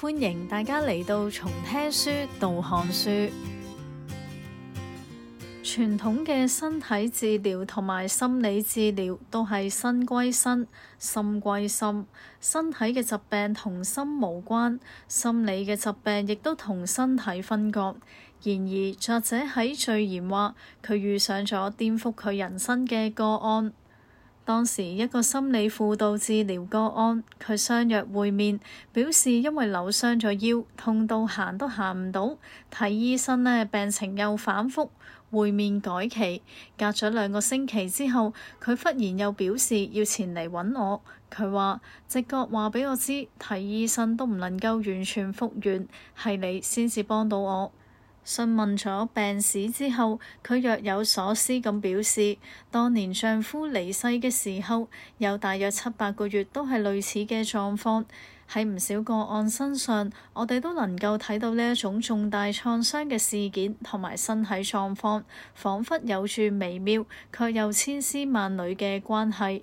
歡迎大家嚟到從聽書到看書。傳 統嘅身體治療同埋心理治療都係身歸身，心歸心。身體嘅疾病同心無關，心理嘅疾病亦都同身體分割。然而，作者喺序言話佢遇上咗顛覆佢人生嘅個案。當時一個心理輔導治療個案，佢相約會面，表示因為扭傷咗腰，痛到行都行唔到，睇醫生呢，病情又反覆。會面改期，隔咗兩個星期之後，佢忽然又表示要前嚟揾我。佢話直覺話俾我知，睇醫生都唔能夠完全復原，係你先至幫到我。詢問咗病史之後，佢若有所思咁表示，當年丈夫離世嘅時候，有大約七八個月都係類似嘅狀況。喺唔少個案身上，我哋都能夠睇到呢一種重大創傷嘅事件同埋身體狀況，彷彿有住微妙，卻又千絲萬縷嘅關係。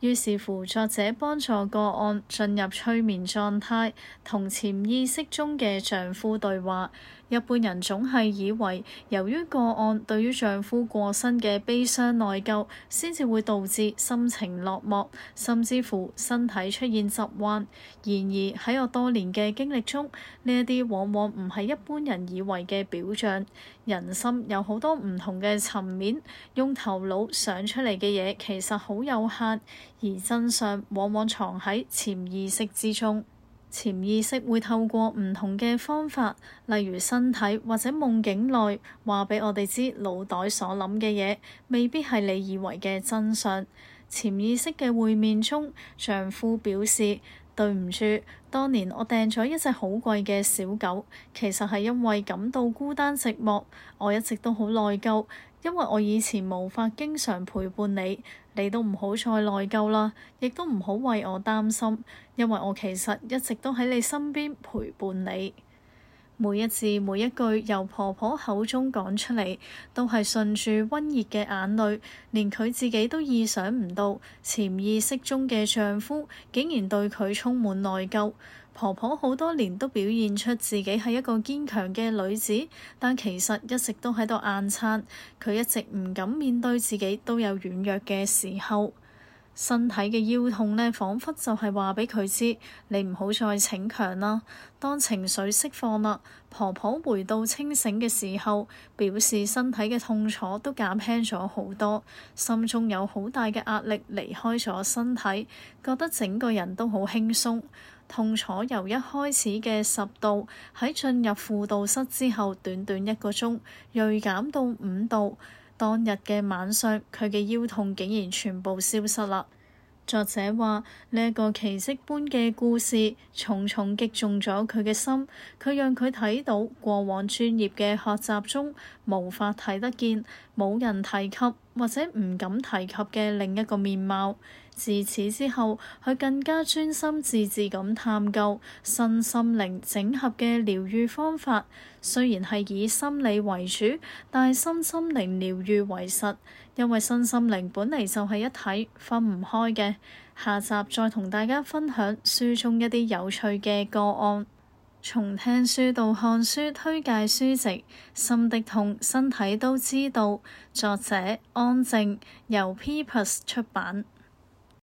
於是乎，作者幫助個案進入催眠狀態，同潛意識中嘅丈夫對話。一般人總係以為，由於個案對於丈夫過身嘅悲傷內疚，先至會導致心情落寞，甚至乎身體出現疾患。然而喺我多年嘅經歷中，呢一啲往往唔係一般人以為嘅表象。人心有好多唔同嘅層面，用頭腦想出嚟嘅嘢其實好有限。而真相往往藏喺潛意識之中，潛意識會透過唔同嘅方法，例如身體或者夢境內，話畀我哋知腦袋所諗嘅嘢未必係你以為嘅真相。潛意識嘅會面中，丈夫表示：對唔住，當年我訂咗一隻好貴嘅小狗，其實係因為感到孤單寂寞，我一直都好內疚。因為我以前無法經常陪伴你，你都唔好再內疚啦，亦都唔好為我擔心，因為我其實一直都喺你身邊陪伴你。每一字每一句由婆婆口中講出嚟，都係順住溫熱嘅眼淚，連佢自己都意想唔到，潛意識中嘅丈夫竟然對佢充滿內疚。婆婆好多年都表現出自己係一個堅強嘅女子，但其實一直都喺度硬撐，佢一直唔敢面對自己都有軟弱嘅時候。身體嘅腰痛呢，彷彿就係話畀佢知，你唔好再逞強啦。當情緒釋放啦，婆婆回到清醒嘅時候，表示身體嘅痛楚都減輕咗好多，心中有好大嘅壓力離開咗身體，覺得整個人都好輕鬆。痛楚由一開始嘅十度，喺進入輔導室之後短短一個鐘，銳減到五度。當日嘅晚上，佢嘅腰痛竟然全部消失啦。作者話：呢一個奇蹟般嘅故事，重重擊中咗佢嘅心，佢讓佢睇到過往專業嘅學習中無法睇得見、冇人提及或者唔敢提及嘅另一個面貌。自此之後，佢更加專心致志咁探究身心靈整合嘅療癒方法。雖然係以心理為主，但係身心靈療癒為實，因為身心靈本嚟就係一體分唔開嘅。下集再同大家分享書中一啲有趣嘅個案。從聽書到看書推介書籍《心的痛，身體都知道》，作者安靜，由 P Plus 出版。